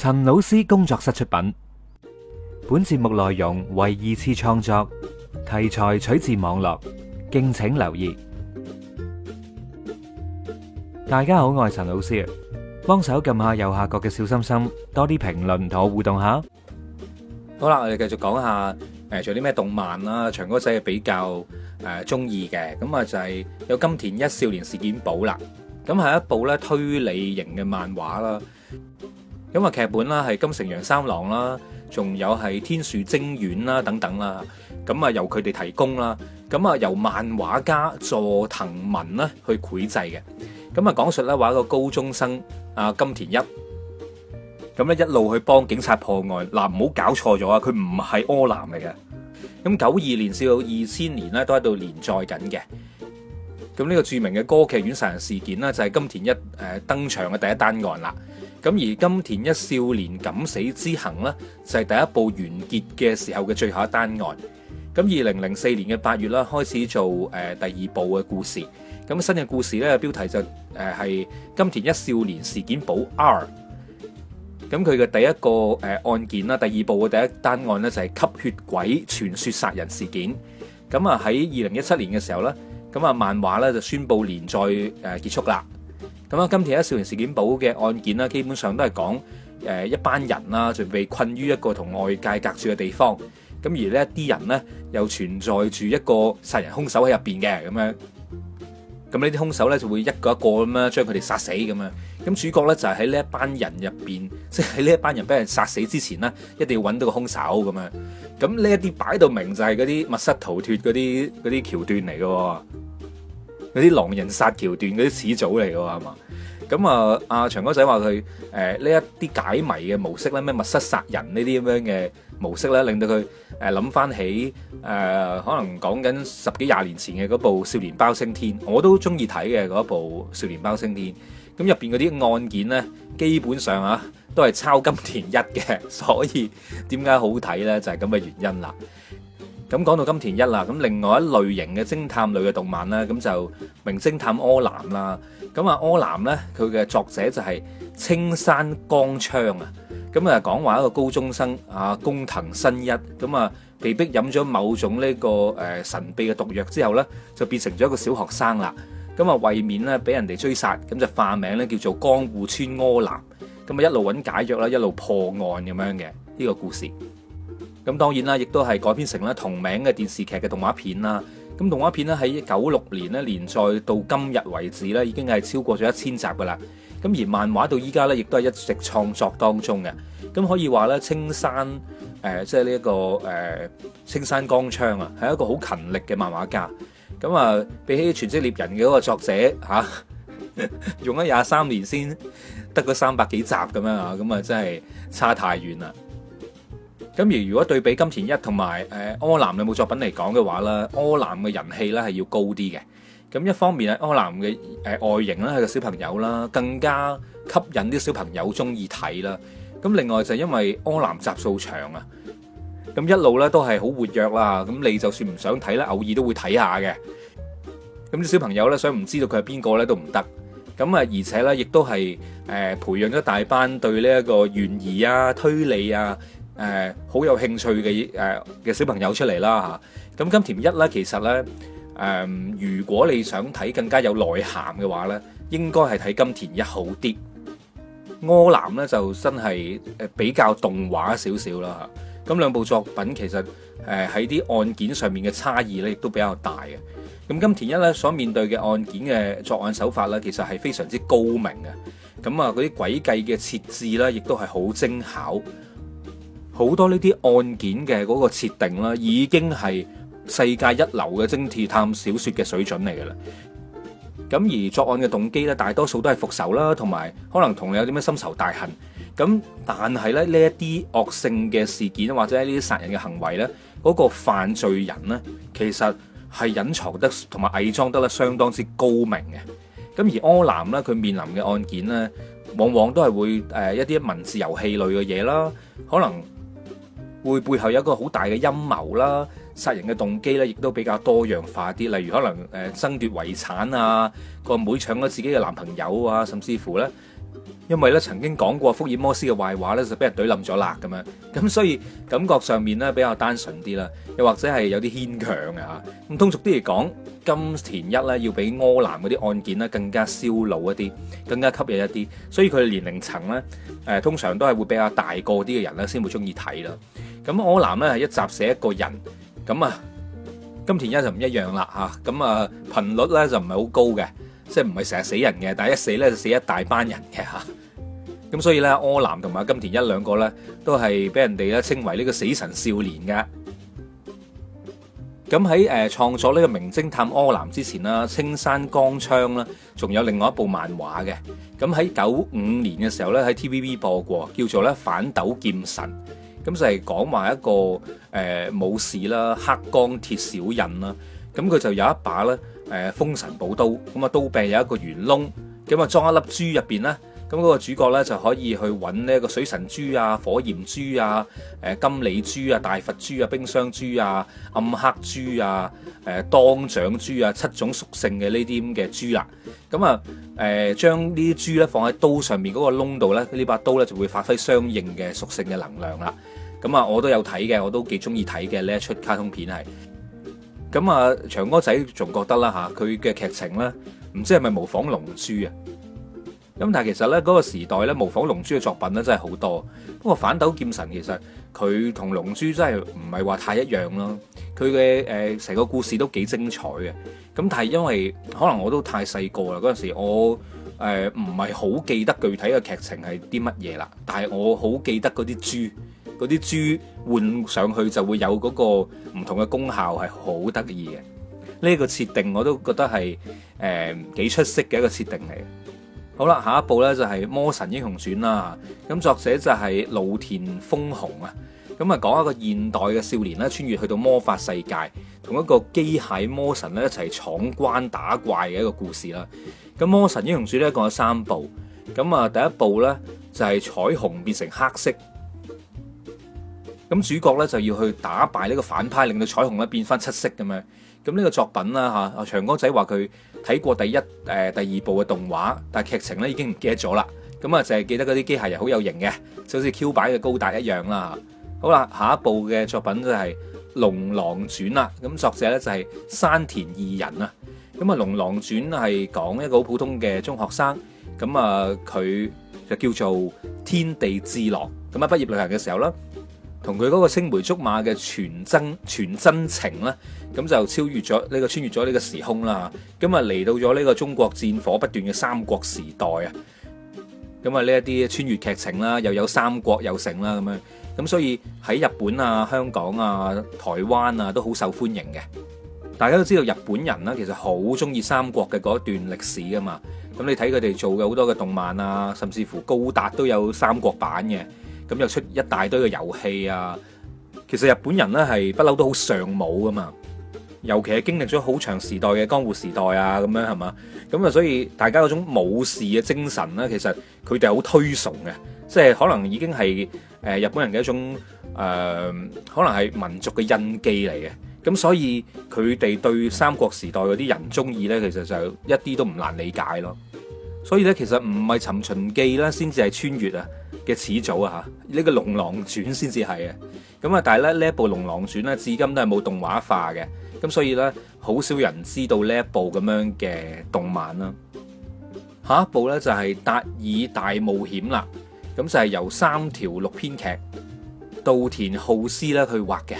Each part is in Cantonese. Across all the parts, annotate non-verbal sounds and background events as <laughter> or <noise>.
陳老師工作室出品，本節目內容為二次創作，題材取自網絡，敬請留意。大家好，我係陳老師，幫手撳下右下角嘅小心心，多啲評論同我互動下。好啦，我哋繼續講下，誒，做啲咩動漫啦？祥哥仔係比較誒中意嘅，咁啊就係有金田一少年事件簿啦。咁係一部咧推理型嘅漫畫啦。咁啊，劇本啦，係金城陽三郎啦，仲有係天樹征丸啦，等等啦，咁啊，由佢哋提供啦，咁啊，由漫畫家佐藤文咧去繪製嘅，咁啊，講述咧話一個高中生啊金田一，咁咧一路去幫警察破案，嗱，唔好搞錯咗啊，佢唔係柯南嚟嘅，咁九二年至到二千年呢，都喺度連載緊嘅，咁、這、呢個著名嘅歌劇院殺人事件呢，就係、是、金田一誒登場嘅第一單案啦。咁而金田一少年敢死之行呢，就係、是、第一部完結嘅時候嘅最後一單案。咁二零零四年嘅八月啦，開始做誒第二部嘅故事。咁新嘅故事呢，標題就誒、是、係金田一少年事件簿 R。咁佢嘅第一個誒案件啦，第二部嘅第一單案呢，就係吸血鬼傳說殺人事件。咁啊喺二零一七年嘅時候呢，咁啊漫畫呢就宣布連載誒結束啦。咁啊，金田一少年事件簿嘅案件啦，基本上都係講一班人啦，就被困於一個同外界隔住嘅地方。咁而呢一啲人咧，又存在住一個殺人兇手喺入面嘅咁樣。咁呢啲兇手咧就會一個一個咁樣將佢哋殺死咁樣，咁主角咧就係喺呢一班人入面，即係喺呢一班人俾人殺死之前咧，一定要揾到個兇手咁樣。咁呢一啲擺到明就係嗰啲密室逃脫嗰啲嗰啲橋段嚟嘅喎。嗰啲狼人殺橋段嗰啲始祖嚟嘅係嘛？咁啊，阿祥哥仔話佢誒呢一啲解謎嘅模式咧，咩密室殺人呢啲咁樣嘅模式咧，令到佢誒諗翻起誒、呃、可能講緊十幾廿年前嘅嗰部《少年包青天》，我都中意睇嘅嗰部《少年包青天》。咁入邊嗰啲案件咧，基本上啊都係抄金田一嘅，所以點解好睇咧？就係咁嘅原因啦。咁講到金田一啦，咁另外一類型嘅偵探類嘅動漫啦，咁就《名偵探柯南》啦。咁啊，柯南咧，佢嘅作者就係青山剛昌啊。咁啊，講話一個高中生啊，工藤新一咁啊，被逼飲咗某種呢個神秘嘅毒藥之後咧，就變成咗一個小學生啦。咁啊，為免咧俾人哋追殺，咁就化名咧叫做江戶川柯南。咁啊，一路揾解藥啦，一路破案咁樣嘅呢個故事。咁當然啦，亦都係改編成咧同名嘅電視劇嘅動畫片啦。咁動畫片咧喺九六年呢連載到今日為止咧，已經係超過咗一千集噶啦。咁而漫畫到依家咧，亦都係一直創作當中嘅。咁可以話咧，青山、呃、即係呢一個呃、青山剛昌啊，係一個好勤力嘅漫畫家。咁啊，比起全職獵人嘅嗰個作者吓，用咗廿三年先得嗰三百幾集咁樣啊，咁 <laughs> 啊真係差太遠啦。咁而如果對比金田一同埋誒柯南兩部作品嚟講嘅話咧，柯南嘅人氣咧係要高啲嘅。咁一方面啊，柯南嘅誒外形咧係個小朋友啦，更加吸引啲小朋友中意睇啦。咁另外就係因為柯南集數長啊，咁一路咧都係好活躍啦。咁你就算唔想睇啦，偶爾都會睇下嘅。咁啲小朋友咧，想唔知道佢係邊個咧都唔得。咁啊，而且咧亦都係誒培養咗大班對呢一個懸疑啊、推理啊，誒好有興趣嘅誒嘅小朋友出嚟啦嚇，咁金田一咧其實咧誒，如果你想睇更加有內涵嘅話咧，應該係睇金田一好啲。柯南咧就真係比較動畫少少啦嚇。咁兩部作品其實喺啲案件上面嘅差異咧，亦都比較大嘅。咁金田一咧所面對嘅案件嘅作案手法咧，其實係非常之高明嘅。咁啊，嗰啲詭計嘅設置咧，亦都係好精巧。好多呢啲案件嘅嗰個設定啦，已經係世界一流嘅偵探小説嘅水準嚟嘅啦。咁而作案嘅動機咧，大多數都係復仇啦，同埋可能同你有啲咩深仇大恨。咁但係咧，呢一啲惡性嘅事件或者呢啲殺人嘅行為咧，嗰個犯罪人咧，其實係隱藏得同埋偽裝得咧相當之高明嘅。咁而柯南呢，佢面臨嘅案件咧，往往都係會誒一啲文字遊戲類嘅嘢啦，可能。會背後有一個好大嘅陰謀啦，殺人嘅動機咧，亦都比較多樣化啲，例如可能誒爭奪遺產啊，個妹妹搶咗自己嘅男朋友啊，甚至乎咧。因為咧曾經講過福爾摩斯嘅壞話咧，就俾人懟冧咗啦咁樣，咁所以感覺上面咧比較單純啲啦，又或者係有啲牽強嘅吓。咁通俗啲嚟講，金田一咧要比柯南嗰啲案件咧更加燒腦一啲，更加吸引一啲，所以佢嘅年齡層咧，誒通常都係會比較大個啲嘅人咧先會中意睇啦。咁柯南咧係一集寫一個人，咁啊金田一就唔一樣啦吓，咁啊頻率咧就唔係好高嘅。即係唔係成日死人嘅，但係一死咧就死一大班人嘅吓。咁 <laughs> 所以呢，柯南同埋金田一兩個呢，都係俾人哋咧稱為呢個死神少年嘅。咁喺誒創作呢個名偵探柯南之前啦，青山剛昌啦，仲有另外一部漫畫嘅。咁喺九五年嘅時候呢，喺 TVB 播過，叫做咧反斗劍神。咁就係講話一個誒、呃、武士啦，黑鋼鐵小忍啦。咁佢就有一把咧。誒封神寶刀，咁啊刀柄有一個圓窿，咁啊裝一粒珠入邊咧，咁嗰個主角咧就可以去揾呢個水神珠啊、火焰珠啊、誒金理珠啊、大佛珠啊、冰霜珠啊、暗黑珠啊、誒當掌珠啊七種屬性嘅呢啲咁嘅珠啦。咁啊誒將呢啲珠咧放喺刀上面嗰個窿度咧，呢把刀咧就會發揮相應嘅屬性嘅能量啦。咁啊，我都有睇嘅，我都幾中意睇嘅呢一出卡通片係。咁啊，長哥仔仲覺得啦嚇，佢嘅劇情咧，唔知係咪模仿《龍珠》啊？咁但係其實咧，嗰個時代咧，模仿《龍珠》嘅作品咧，真係好多。不過《反斗劍神》其實佢同《龍珠》真係唔係話太一樣咯。佢嘅誒成個故事都幾精彩嘅。咁但係因為可能我都太細個啦，嗰陣時我誒唔係好記得具體嘅劇情係啲乜嘢啦。但係我好記得嗰啲豬。嗰啲豬換上去就會有嗰個唔同嘅功效，係好得意嘅。呢個設定我都覺得係、呃、幾出色嘅一個設定嚟。好啦，下一部呢就係《魔神英雄傳》啦。咁作者就係露田豐雄啊。咁啊，講一個現代嘅少年啦，穿越去到魔法世界，同一個機械魔神咧一齊闖關打怪嘅一個故事啦。咁《魔神英雄傳》咧共有三部。咁啊，第一部呢，就係彩虹變成黑色。咁主角咧就要去打敗呢個反派，令到彩虹咧變翻七色咁樣。咁呢個作品啦，嚇，祥哥仔話佢睇過第一、呃、第二部嘅動畫，但劇情咧已經唔記，記得咗啦。咁啊，就係記得嗰啲機械人好有型嘅，就好似 Q 版嘅高達一樣啦。好啦，下一部嘅作品就係、是《龍狼傳》啦。咁作者咧就係、是、山田義人啊。咁啊，《龍狼傳》係講一個好普通嘅中學生，咁啊，佢就叫做天地志狼。咁喺畢業旅行嘅時候啦。同佢嗰個青梅竹馬嘅全真全真情啦，咁就超越咗呢、呢個穿越咗呢個時空啦。咁啊嚟到咗呢個中國戰火不斷嘅三國時代啊。咁啊呢一啲穿越劇情啦，又有三國又成啦咁樣。咁所以喺日本啊、香港啊、台灣啊都好受歡迎嘅。大家都知道日本人啦，其實好中意三國嘅嗰段歷史噶嘛。咁你睇佢哋做嘅好多嘅動漫啊，甚至乎高達都有三國版嘅。咁又出一大堆嘅遊戲啊！其實日本人呢，係不嬲都好尚武噶嘛，尤其係經歷咗好長時代嘅江戶時代啊，咁樣係嘛？咁啊，所以大家嗰種武士嘅精神呢，其實佢哋好推崇嘅，即係可能已經係日本人嘅一種、呃、可能係民族嘅印記嚟嘅。咁所以佢哋對三國時代嗰啲人中意呢，其實就一啲都唔難理解咯。所以呢，其實唔係尋秦記啦，先至係穿越啊嘅始祖啊，呢個《龍狼傳》先至係啊。咁啊，但係咧，呢一部《龍狼傳》咧，至今都係冇動畫化嘅，咁所以咧，好少人知道呢一部咁樣嘅動漫啦。下一部咧，就係《達爾大冒險》啦，咁就係由三條六編劇，稻田浩司咧去畫嘅，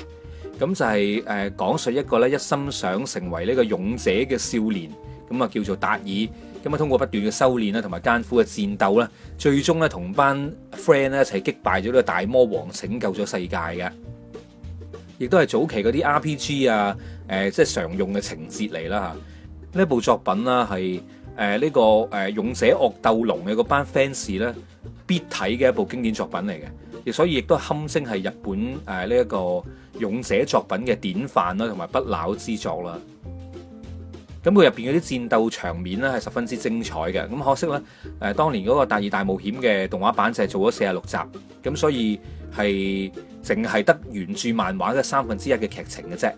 咁就係誒講述一個咧一心想成為呢個勇者嘅少年，咁啊叫做達爾。咁啊，通過不斷嘅修煉啦，同埋艱苦嘅戰鬥啦，最終咧同班 friend 咧一齊擊敗咗呢個大魔王，拯救咗世界嘅。亦都係早期嗰啲 RPG 啊，誒，即係常用嘅情節嚟啦吓。呢部作品啦，係誒呢個誒勇者惡鬥龍嘅嗰班 fans 咧必睇嘅一部經典作品嚟嘅。亦所以亦都堪稱係日本誒呢一個勇者作品嘅典範啦，同埋不朽之作啦。咁佢入邊嗰啲戰鬥場面咧係十分之精彩嘅。咁可惜咧，誒當年嗰個《大二大冒險》嘅動畫版就係做咗四十六集，咁所以係淨係得原著漫畫嘅三分之一嘅劇情嘅啫。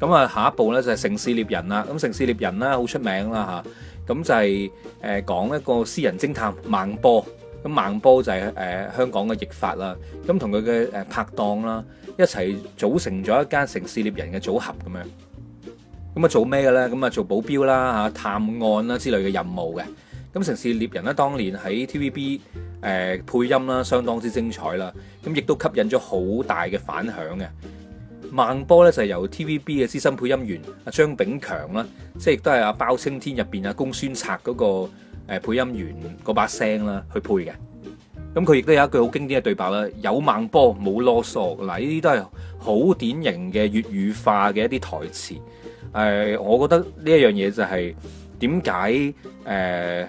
咁啊，下一步咧就係、是《城市獵人》啦。咁《城市獵人》啦好出名啦吓。咁就係誒講一個私人偵探孟波，咁孟波就係誒香港嘅譯法啦。咁同佢嘅誒拍檔啦一齊組成咗一間城市獵人嘅組合咁樣。咁啊，做咩嘅咧？咁啊，做保鏢啦，嚇探案啦之類嘅任務嘅。咁城市獵人咧，當年喺 TVB 誒配音啦，相當之精彩啦。咁亦都吸引咗好大嘅反響嘅。孟波咧就係由 TVB 嘅資深配音員阿張炳強啦，即係亦都係阿包青天入邊阿公孫策嗰個配音員嗰把聲啦去配嘅。咁佢亦都有一句好經典嘅對白啦：有孟波，冇囉嗦嗱，呢啲都係好典型嘅粵語化嘅一啲台詞。誒、呃，我覺得呢一樣嘢就係點解誒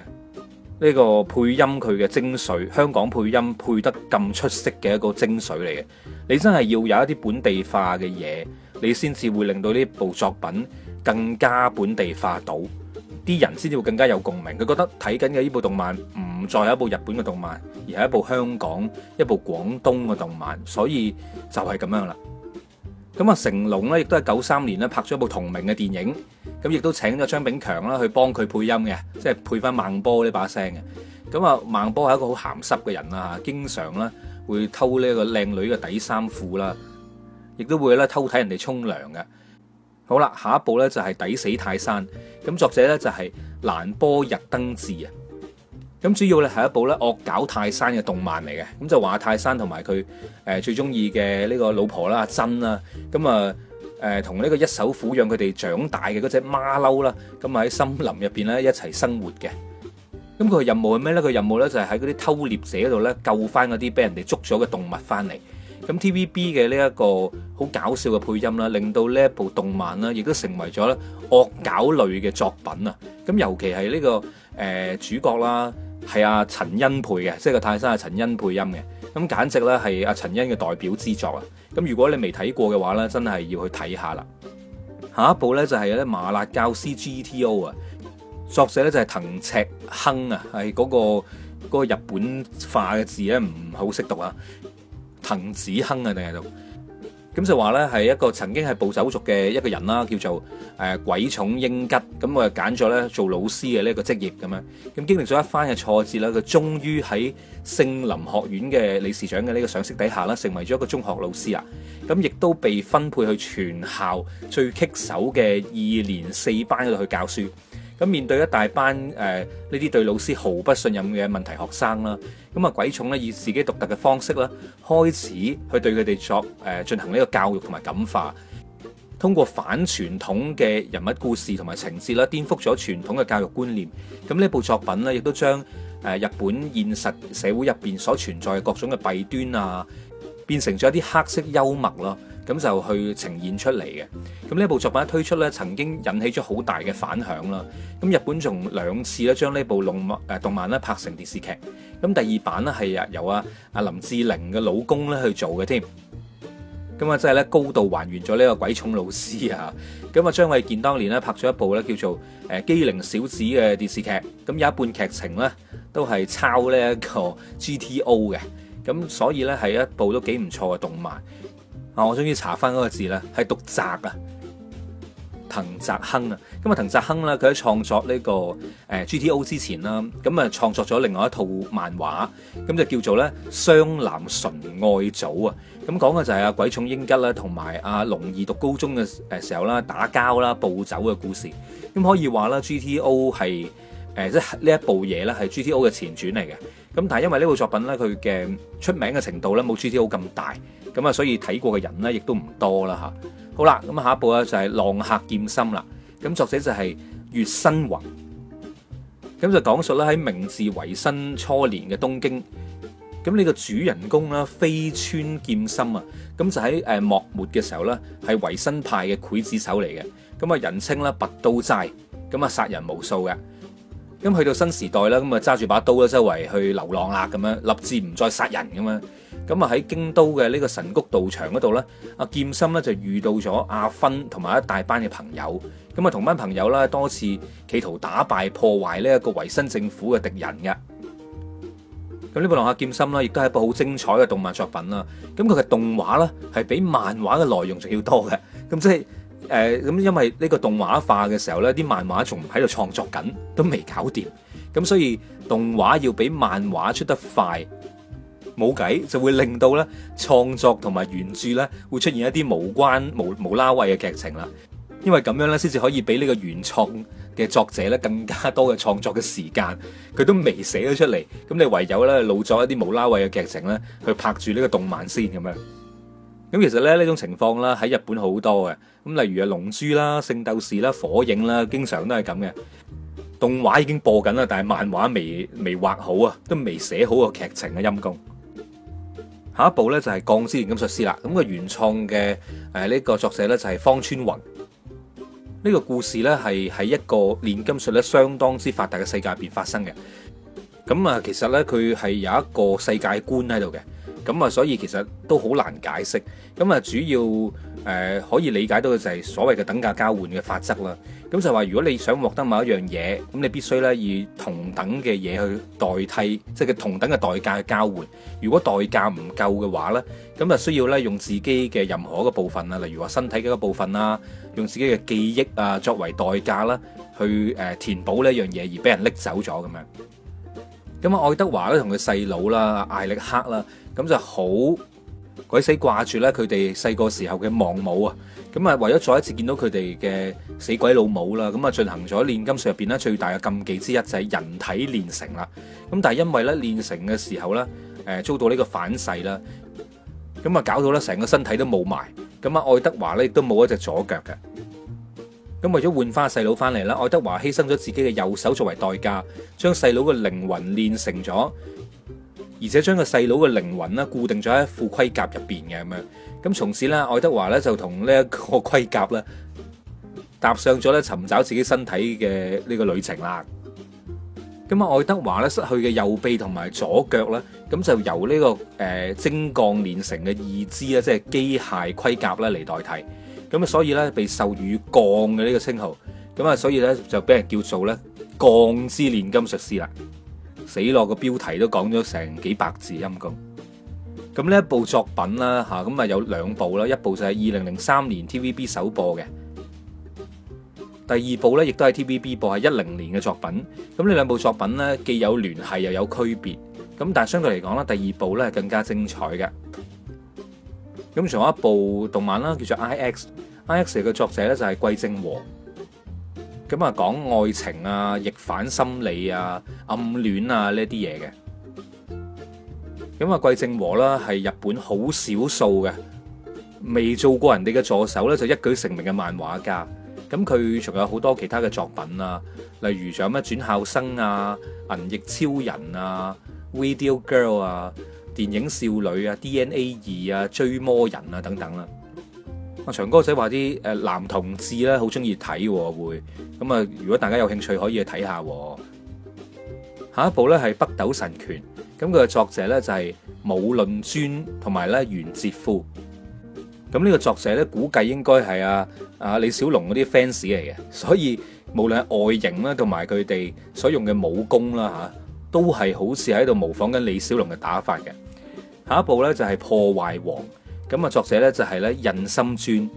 呢個配音佢嘅精髓，香港配音配得咁出色嘅一個精髓嚟嘅。你真係要有一啲本地化嘅嘢，你先至會令到呢部作品更加本地化到，啲人先至會更加有共鳴。佢覺得睇緊嘅呢部動漫唔再係一部日本嘅動漫，而係一部香港、一部廣東嘅動漫，所以就係咁樣啦。咁啊，成龍咧，亦都喺九三年咧拍咗一部同名嘅電影，咁亦都請咗張炳強啦去幫佢配音嘅，即係配翻孟波呢把聲嘅。咁啊，孟波係一個好鹹濕嘅人啦嚇，經常咧會偷呢個靚女嘅底衫褲啦，亦都會咧偷睇人哋沖涼嘅。好啦，下一部咧就係、是《抵死泰山》，咁作者咧就係蘭波日登志。啊。咁主要咧係一部咧惡搞泰山嘅動漫嚟嘅，咁就話泰山同埋佢誒最中意嘅呢個老婆啦阿珍啦，咁啊誒同呢個一手撫養佢哋長大嘅嗰隻馬騮啦，咁啊喺森林入邊咧一齊生活嘅。咁佢嘅任務係咩咧？佢任務咧就係喺嗰啲偷獵者度咧救翻嗰啲俾人哋捉咗嘅動物翻嚟。咁 T V B 嘅呢一個好搞笑嘅配音啦，令到呢一部動漫啦，亦都成為咗咧惡搞類嘅作品啊。咁尤其係呢、這個、呃、主角啦。係阿陳恩配嘅，即係個泰山阿陳恩配音嘅，咁簡直咧係阿陳恩嘅代表之作啊！咁如果你未睇過嘅話咧，真係要去睇下啦。下一部咧就係咧麻辣教師 GTO 啊，作者咧就係藤赤亨啊，係嗰個嗰個日本化嘅字咧唔好識讀啊，藤子亨啊定係讀。咁就話呢，係一個曾經係暴走族嘅一個人啦，叫做誒、呃、鬼塚英吉，咁我又揀咗呢做老師嘅呢個職業咁樣，咁經歷咗一番嘅挫折啦，佢終於喺聖林學院嘅理事長嘅呢個賞識底下啦，成為咗一個中學老師啦，咁亦都被分配去全校最棘手嘅二年四班嗰度去教書。咁面對一大班誒呢啲對老師毫不信任嘅問題學生啦，咁啊鬼塚咧以自己獨特嘅方式啦，開始去對佢哋作誒進、呃、行呢個教育同埋感化，通過反傳統嘅人物故事同埋情節啦，顛覆咗傳統嘅教育觀念。咁呢部作品咧，亦都將誒、呃、日本現實社會入邊所存在嘅各種嘅弊端啊，變成咗一啲黑色幽默啦、啊。咁就去呈現出嚟嘅。咁呢部作品一推出咧，曾經引起咗好大嘅反響啦。咁日本仲兩次咧將呢部、呃、動漫誒動漫咧拍成電視劇。咁第二版呢，係由阿、啊、阿林志玲嘅老公咧去做嘅添。咁啊，即係咧高度還原咗呢個鬼塚老師啊。咁啊，張衛健當年咧拍咗一部咧叫做誒《機靈小子》嘅電視劇。咁有一半劇情咧都係抄呢一個 GTO 嘅。咁所以咧係一部都幾唔錯嘅動漫。我終於查翻嗰個字咧，係讀澤啊，藤澤亨啊。咁啊，藤澤亨啦，佢喺創作呢個誒 G T O 之前啦，咁啊創作咗另外一套漫畫，咁就叫做咧《湘南純愛組》啊。咁講嘅就係阿鬼塚英吉啦，同埋阿龍二讀高中嘅誒時候啦，打交啦、暴走嘅故事。咁可以話啦，G T O 係誒即係呢一部嘢咧，係 G T O 嘅前傳嚟嘅。咁但係因為呢部作品咧，佢嘅出名嘅程度咧冇《GTO》咁大，咁啊，所以睇過嘅人咧亦都唔多啦嚇。好啦，咁下一部咧就係、是《浪客劍心》啦。咁作者就係月新宏，咁就講述咧喺明治維新初年嘅東京，咁呢個主人公啦，緋村劍心啊，咁就喺誒幕末嘅時候啦，係維新派嘅劊子手嚟嘅，咁啊人稱啦拔刀齋，咁啊殺人無數嘅。咁去到新時代啦，咁啊揸住把刀啦，周圍去流浪啦，咁樣立志唔再殺人咁樣。咁啊喺京都嘅呢個神谷道場嗰度咧，阿劍心咧就遇到咗阿薰同埋一大班嘅朋友。咁啊同班朋友啦多次企圖打敗破壞呢一個維新政府嘅敵人嘅。咁呢部《浪客劍心》啦，亦都係一部好精彩嘅動漫作品啦。咁佢嘅動畫啦係比漫畫嘅內容仲要多嘅。咁即係。誒、呃，咁因為呢個動畫化嘅時候呢啲漫畫仲喺度創作緊，都未搞掂，咁所以動畫要比漫畫出得快，冇計，就會令到呢創作同埋原著呢會出現一啲無關無無啦喂嘅劇情啦。因為咁樣呢，先至可以俾呢個原創嘅作者呢更加多嘅創作嘅時間，佢都未寫咗出嚟，咁你唯有呢，老作一啲無啦喂嘅劇情呢，去拍住呢個動漫先咁樣。咁其實咧呢種情況啦，喺日本好多嘅，咁例如啊龍珠啦、聖鬥士啦、火影啦，經常都係咁嘅。動畫已經播緊啦，但係漫畫未未畫好啊，都未寫好個劇情啊，陰功。下一部咧就係、是《鋼之煉金術師》啦，咁個原創嘅誒呢個作者咧就係方川宏。呢、這個故事咧係喺一個煉金術咧相當之發達嘅世界入邊發生嘅。咁啊，其實咧佢係有一個世界觀喺度嘅。咁啊，所以其實都好難解釋。咁啊，主要誒可以理解到嘅就係所謂嘅等價交換嘅法則啦。咁就話，如果你想獲得某一樣嘢，咁你必須咧以同等嘅嘢去代替，即係同等嘅代價去交換。如果代價唔夠嘅話呢，咁啊需要咧用自己嘅任何一個部分啊，例如話身體嘅一個部分啊，用自己嘅記憶啊作為代價啦，去誒填補呢樣嘢而俾人拎走咗咁樣。咁啊，愛德華咧同佢細佬啦，艾力克啦。咁就好鬼死掛住咧，佢哋細個時候嘅亡母啊！咁啊，為咗再一次見到佢哋嘅死鬼老母啦，咁啊，進行咗煉金術入邊咧最大嘅禁忌之一就係人體煉成啦。咁但係因為咧煉成嘅時候咧，誒遭到呢個反噬啦，咁啊搞到咧成個身體都冇埋。咁啊，愛德華咧亦都冇一隻左腳嘅。咁為咗換翻細佬翻嚟啦，愛德華犧牲咗自己嘅右手作為代價，將細佬嘅靈魂煉成咗。而且將個細佬嘅靈魂咧固定咗喺副盔甲入邊嘅咁樣，咁從此咧，愛德華咧就同呢一個盔甲咧踏上咗咧尋找自己身體嘅呢個旅程啦。咁啊，愛德華咧失去嘅右臂同埋左腳咧，咁就由呢、這個誒精鋼煉成嘅義肢咧，即係機械盔甲咧嚟代替。咁所以咧被授予鋼嘅呢個稱號。咁啊，所以咧就俾人叫做咧鋼之煉金術師啦。死落個標題都講咗成幾百字，陰公。咁呢部作品啦，吓，咁啊有兩部啦，一部就係二零零三年 TVB 首播嘅，第二部呢亦都係 TVB 播係一零年嘅作品。咁呢兩部作品呢，既有聯繫又有區別，咁但係相對嚟講咧第二部呢係更加精彩嘅。咁仲有一部動漫啦，叫做《I X》，I X 嘅作者呢，就係桂正和。咁啊，講愛情啊、逆反心理啊、暗戀啊呢啲嘢嘅。咁啊，桂正和啦，係日本好少數嘅，未做過人哋嘅助手呢就一舉成名嘅漫畫家。咁佢仲有好多其他嘅作品啊，例如仲有咩轉校生啊、銀翼超人啊、Video Girl 啊、電影少女啊、DNA 二啊、追魔人啊等等啦。祥哥仔話啲誒男同志咧好中意睇會，咁啊，如果大家有興趣可以去睇下。下一部咧係北斗神拳，咁佢嘅作者咧就係、是、武論尊同埋咧袁哲夫。咁呢、這個作者咧估計應該係阿阿李小龍嗰啲 fans 嚟嘅，所以無論係外形啦同埋佢哋所用嘅武功啦吓，都係好似喺度模仿緊李小龍嘅打法嘅。下一部咧就係、是、破壞王。咁啊，作者咧就係咧任心尊。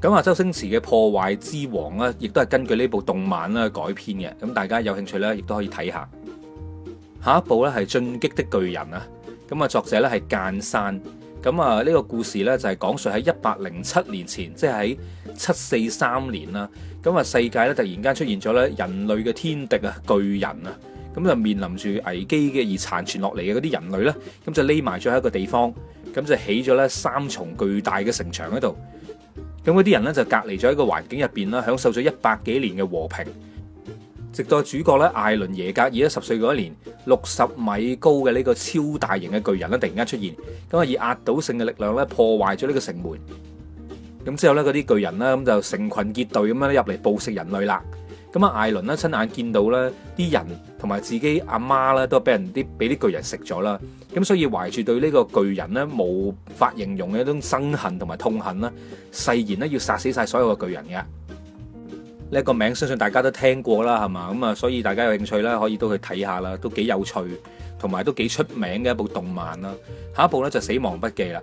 咁啊，周星馳嘅《破壞之王》咧，亦都係根據呢部動漫咧改編嘅。咁大家有興趣咧，亦都可以睇下。下一部咧係《進擊的巨人》啊。咁啊，作者咧係諫山。咁啊，呢、這個故事咧就係講述喺一百零七年前，即係喺七四三年啦。咁啊，世界咧突然間出現咗咧人類嘅天敵啊巨人啊，咁就面臨住危機嘅，而殘存落嚟嘅嗰啲人類咧，咁就匿埋咗喺一個地方。咁就起咗咧三重巨大嘅城牆喺度，咁嗰啲人咧就隔離咗喺個環境入邊啦，享受咗一百幾年嘅和平。直到主角咧艾倫耶格爾二一十歲嗰一年，六十米高嘅呢個超大型嘅巨人咧突然間出現，咁啊以壓倒性嘅力量咧破壞咗呢個城門，咁之後咧嗰啲巨人呢，咁就成群結隊咁樣咧入嚟捕食人類啦。咁啊，艾倫呢，親眼見到咧，啲人同埋自己阿媽呢，都俾人啲俾啲巨人食咗啦。咁所以懷住對呢個巨人咧，無法形容嘅一種憎恨同埋痛恨啦，誓言呢，要殺死晒所有嘅巨人嘅。呢、呢個名相信大家都聽過啦，係嘛？咁啊，所以大家有興趣呢，可以都去睇下啦，都幾有趣，同埋都幾出名嘅一部動漫啦。下一部咧就是《死亡筆記》啦，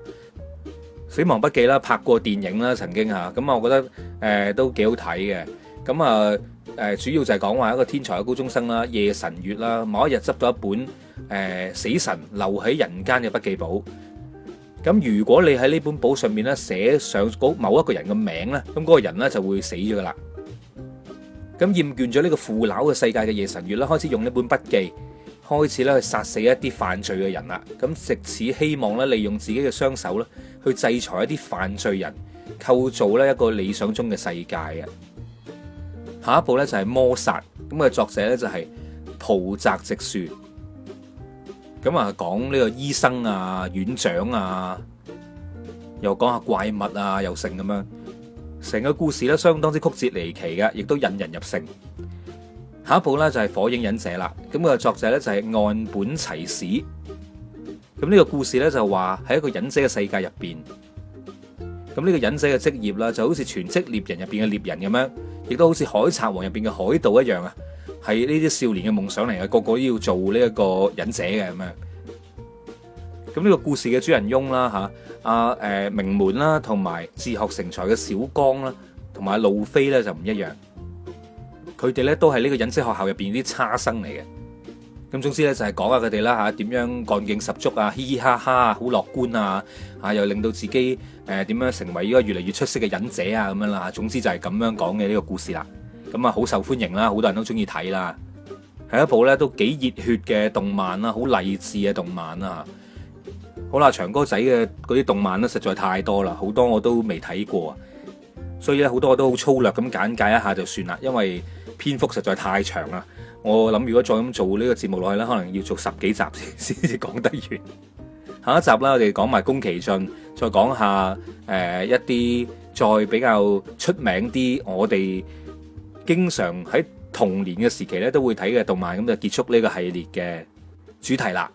《死亡筆記》啦，拍過電影啦，曾經下。咁啊，我覺得誒、呃、都幾好睇嘅。咁、呃、啊～誒，主要就係講話一個天才嘅高中生啦，夜神月啦，某一日執到一本誒、呃、死神留喺人間嘅筆記簿，咁如果你喺呢本簿上面咧寫上某一個人嘅名咧，咁、那、嗰個人咧就會死咗噶啦。咁厭倦咗呢個腐朽嘅世界嘅夜神月啦，開始用呢本筆記，開始咧去殺死一啲犯罪嘅人啦。咁藉此希望咧利用自己嘅雙手咧去制裁一啲犯罪人，構造呢一個理想中嘅世界啊！下一部咧就係、是、魔殺，咁嘅作者咧就係浦澤直樹，咁啊講呢個醫生啊、院長啊，又講下怪物啊，又成咁樣，成個故事咧相當之曲折離奇嘅，亦都引人入勝。下一部咧就係、是《火影忍者》啦，咁嘅作者咧就係、是、岸本齊史，咁呢、這個故事咧就話喺一個忍者嘅世界入邊，咁、這、呢個忍者嘅職業啦就好似全職獵人入邊嘅獵人咁樣。亦都好似《海賊王》入邊嘅海盜一樣啊，係呢啲少年嘅夢想嚟嘅，個個都要做呢一個忍者嘅咁樣。咁呢個故事嘅主人翁啦，吓阿誒名門啦，同、啊、埋自學成才嘅小江啦，同埋路飛咧就唔一樣，佢哋咧都係呢個忍者學校入邊啲差生嚟嘅。咁總之咧就係講下佢哋啦嚇點樣幹勁十足啊，嘻嘻哈哈好樂觀啊，嚇又令到自己誒點樣成為依個越嚟越出色嘅忍者啊咁樣啦嚇。總之就係咁樣講嘅呢個故事啦。咁啊好受歡迎啦，好多人都中意睇啦，係一部咧都幾熱血嘅動漫啦，好勵志嘅動漫啊。好啦，祥哥仔嘅嗰啲動漫呢，實在太多啦，好多我都未睇過啊，所以咧好多我都好粗略咁簡介一下就算啦，因為，篇幅實在太長啦，我諗如果再咁做呢個節目落去咧，可能要做十幾集先先至講得完。下一集啦，我哋講埋宮崎駿，再講下、呃、一啲再比較出名啲，我哋經常喺童年嘅時期咧都會睇嘅動漫，咁就結束呢個系列嘅主題啦。